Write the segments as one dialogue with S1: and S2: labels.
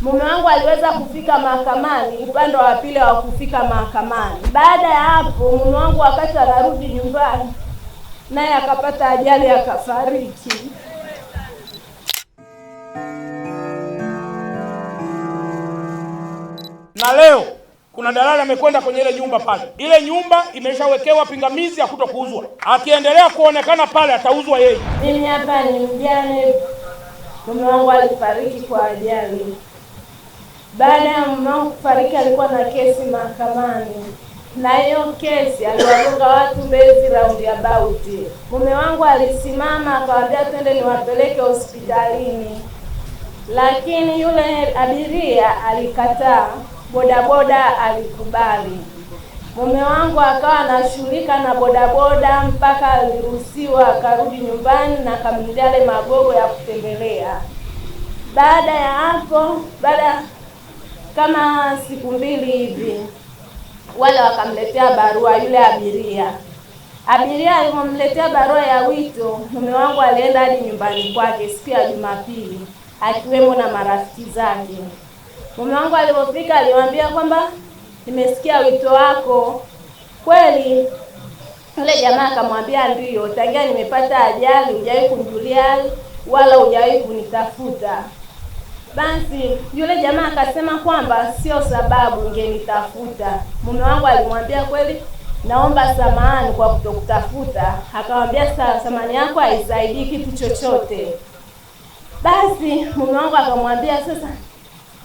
S1: Mume wangu aliweza kufika mahakamani, upande wa pili wa kufika mahakamani. Baada ya hapo, mume wangu wakati anarudi nyumbani, naye akapata ajali akafariki.
S2: Na leo kuna dalali amekwenda kwenye ile nyumba pale. Ile nyumba imeshawekewa pingamizi ya kutokuuzwa, akiendelea kuonekana pale atauzwa yeye.
S1: Mimi hapa ni mjane, mume wangu alifariki kwa ajali. Baada ya mume wangu kufariki, alikuwa na kesi mahakamani, na hiyo kesi aliwagonga watu Mbezi raundi about. Mume wangu alisimama akawaambia, twende niwapeleke hospitalini, lakini yule abiria alikataa, bodaboda alikubali. Mume wangu akawa anashughulika na bodaboda mpaka aliruhusiwa akarudi nyumbani na akamnunulia yale magogo ya kutembelea. Baada ya hapo baada kama siku mbili hivi, wale wakamletea barua yule abiria. Abiria alimomletea barua ya wito, mume wangu alienda hadi nyumbani kwake siku ya Jumapili akiwemo na marafiki zake. Mume wangu alipofika, aliwaambia kwamba nimesikia wito wako kweli. Yule jamaa akamwambia ndiyo, tangia nimepata ajali hujawahi kunijulia wala hujawahi kunitafuta. Basi yule jamaa akasema kwamba sio sababu, ngenitafuta. Mume wangu alimwambia kweli, naomba samahani kwa kutokutafuta. Akamwambia sawa, samahani yako haisaidii kitu chochote. Basi mume wangu akamwambia sasa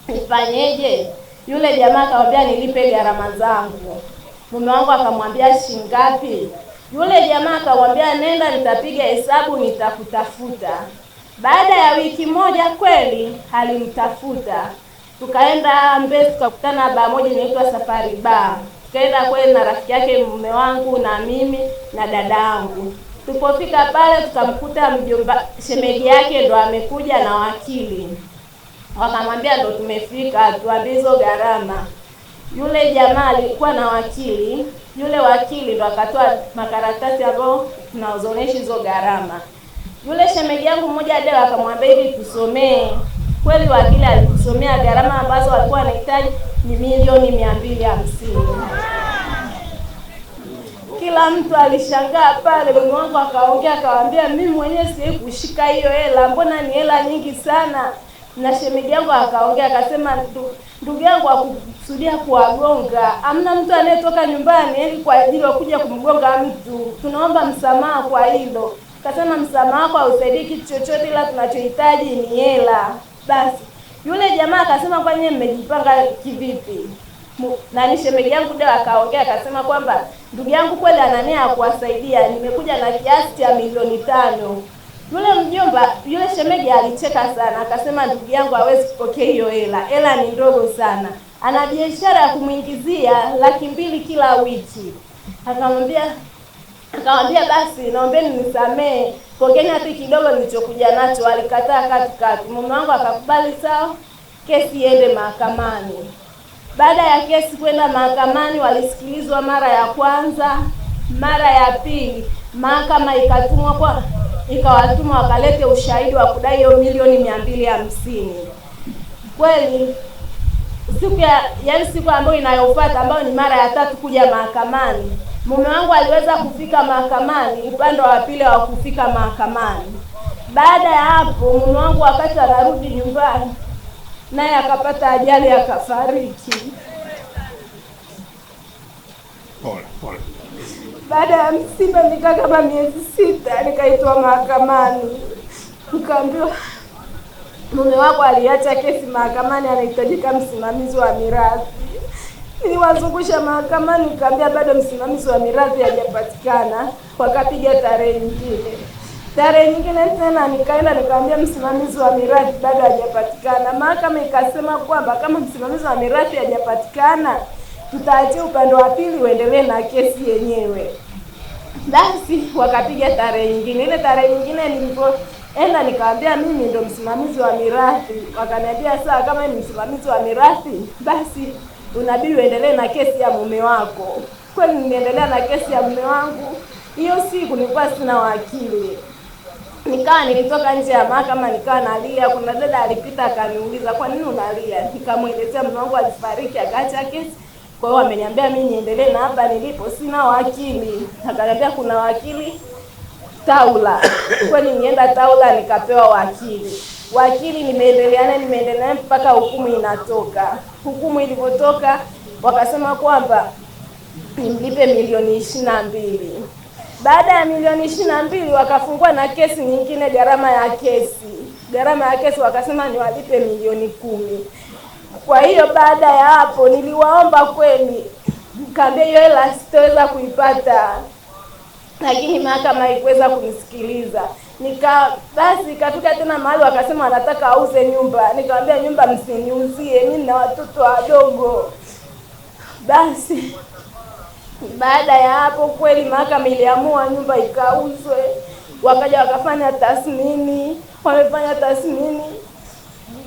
S1: nifanyeje? Yule jamaa akamwambia nilipe gharama zangu. Mume wangu akamwambia shingapi? Yule jamaa akamwambia nenda, nitapiga hesabu, nitakutafuta. Baada ya wiki moja kweli alimtafuta, tukaenda Mbezi, tukakutana baa moja inaitwa Safari Bar. Tukaenda kweli na rafiki yake mume wangu na mimi na dada yangu. Tulipofika pale tukamkuta mjomba, shemeji yake ndo amekuja na wakili, wakamwambia ndo tumefika, tuambizo hizo gharama. Yule jamaa alikuwa na wakili, yule wakili ndo akatoa makaratasi ambayo tunazonesha hizo gharama. Yule shemeji yangu mmoja Deo akamwambia hivi, tusomee. Kweli wakili alikusomea, gharama ambazo walikuwa wanahitaji ni milioni mia mbili hamsini. Kila mtu alishangaa pale. Mume wangu akaongea akawaambia, mimi mwenyewe siwezi kushika hiyo hela, mbona ni hela nyingi sana. Na shemeji yangu akaongea akasema, ndugu yangu akusudia kuwagonga, amna mtu anayetoka nyumbani yaani kwa ajili ya kuja kumgonga mtu, tunaomba msamaha kwa hilo. Kasema msamaha wako hausaidii kitu chochote, ila tunachohitaji ni hela. Basi yule jamaa akasema, kwani mmejipanga kivipi? na shemeji yangu Deo akaongea akasema kwamba ndugu yangu kweli anania kuwasaidia, nimekuja na kiasi cha milioni tano. Yule mjomba yule shemeji alicheka sana, akasema ndugu yangu hawezi kupokea hiyo hela, hela ni ndogo sana, ana biashara ya kumwingizia laki mbili kila wiki. Akamwambia Kaambia basi, naombeni nisamee, pokeni hata kidogo nilichokuja nacho. Alikataa katikati, mume wangu akakubali, sawa, kesi iende mahakamani. Baada ya kesi kwenda mahakamani, walisikilizwa mara ya kwanza, mara ya pili, mahakama ikatumwa kwa ikawatuma wakalete ushahidi wa kudai hiyo milioni mia mbili hamsini. Kweli siku ya yaani siku ambayo inayofuata ambayo ni mara ya tatu kuja mahakamani Mume wangu aliweza kufika mahakamani, upande wa pili wa kufika mahakamani. Baada ya hapo, mume wangu wakati anarudi nyumbani, naye akapata ajali akafariki. Baada ya msiba nikaa kama miezi sita, nikaitwa mahakamani, nikaambiwa mume wako aliacha kesi mahakamani, anahitajika msimamizi wa mirathi niwazungusha mahakamani, nikaambia bado msimamizi wa mirathi hajapatikana, wakapiga tarehe nyingine tarehe nyingine tena nikaenda nikaambia msimamizi wa mirathi bado hajapatikana. Mahakama ikasema kwamba kama msimamizi wa mirathi hajapatikana, tutaachia upande wa pili uendelee na kesi yenyewe. Basi wakapiga tarehe nyingine. Ile tarehe nyingine nilipoenda nikaambia mimi ndo msimamizi wa mirathi, wakaniambia sawa, kama ni msimamizi wa mirathi basi unabidi uendelee na kesi ya mume wako. Kweli niliendelea na kesi ya mume wangu. Hiyo siku nilikuwa sina wakili, nikawa nilitoka nje ya mahakama, nikawa nalia. Kuna dada alipita akaniuliza, kwa nini unalia? Nikamwelezea mume wangu alifariki, akaacha kesi kwa hiyo ameniambia mimi niendelee na hapa nilipo, sina wakili. Akaniambia kuna wakili Taula. Kwani nienda Taula nikapewa wakili wakili limeendeleana limeendelea yaani mpaka hukumu inatoka. Hukumu ilivyotoka, wakasema kwamba nimlipe milioni ishirini na mbili. Baada ya milioni ishirini na mbili wakafungua na kesi nyingine, gharama ya kesi, gharama ya kesi wakasema niwalipe milioni kumi. Kwa hiyo baada ya hapo niliwaomba kweli, kaambia hiyo hela sitoweza kuipata, lakini mahakama haikuweza kunisikiliza nika basi ikafika tena mahali wakasema wanataka auze nyumba, nikamwambia nyumba msiniuzie, mimi na watoto wadogo. Basi baada ya hapo kweli mahakama iliamua nyumba ikauzwe, wakaja wakafanya tasmini wamefanya tasmini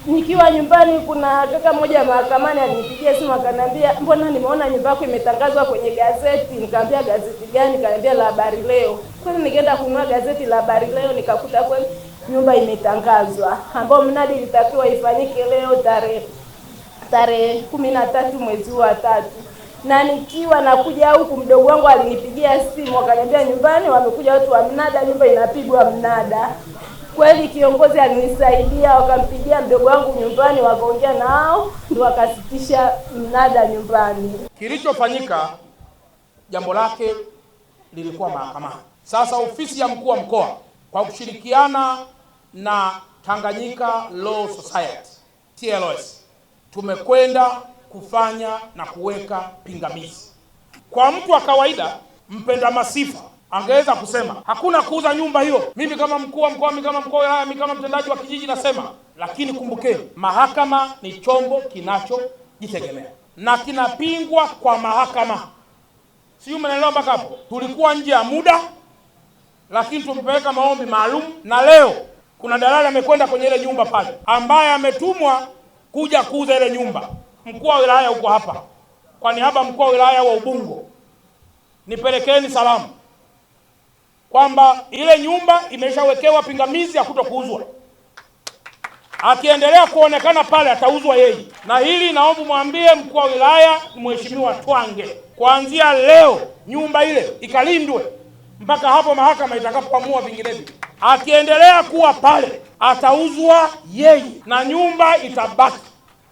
S1: nikiwa nyumbani, kuna kaka mmoja mahakamani alinipigia simu akaniambia, mbona nimeona nyumba yako imetangazwa kwenye gazeti. Nikaambia, gazeti gani? Kaniambia la Habari Leo. Kwani nikaenda kununua gazeti la Habari Leo nikakuta kweli nyumba imetangazwa, ambayo mnadi ilitakiwa ifanyike leo tarehe tarehe kumi na tatu mwezi wa tatu na nikiwa nakuja huku, mdogo wangu alinipigia simu akaniambia, nyumbani wamekuja watu wa mnada, nyumba inapigwa mnada. Kweli kiongozi alinisaidia, wakampigia mdogo wangu nyumbani, wakaongea nao ndio wakasitisha mnada nyumbani.
S2: Kilichofanyika jambo lake lilikuwa mahakamani. Sasa ofisi ya mkuu wa mkoa kwa kushirikiana na Tanganyika Law Society TLS tumekwenda kufanya na kuweka pingamizi kwa mtu wa kawaida mpenda masifa angeweza kusema hakuna kuuza nyumba hiyo. Mimi kama mkuu wa mkoa, mimi kama mkuu wa wilaya, mimi kama mtendaji wa kijiji nasema. Lakini kumbukeni, mahakama ni chombo kinachojitegemea na kinapingwa kwa mahakama. Sijui mnaelewa mpaka hapo. Tulikuwa nje ya muda, lakini tumepeleka maombi maalum, na leo kuna dalali amekwenda kwenye ile nyumba pale, ambaye ametumwa kuja kuuza ile nyumba. Mkuu wa wilaya uko hapa, kwa niaba mkuu wa wilaya wa Ubungo, nipelekeni salamu kwamba ile nyumba imeshawekewa pingamizi ya kutokuuzwa. Akiendelea kuonekana pale atauzwa yeye, na hili naomba mwambie mkuu wa wilaya Mheshimiwa Twange, kuanzia leo nyumba ile ikalindwe mpaka hapo mahakama itakapoamua vinginevyo. Akiendelea kuwa pale atauzwa yeye na nyumba itabaki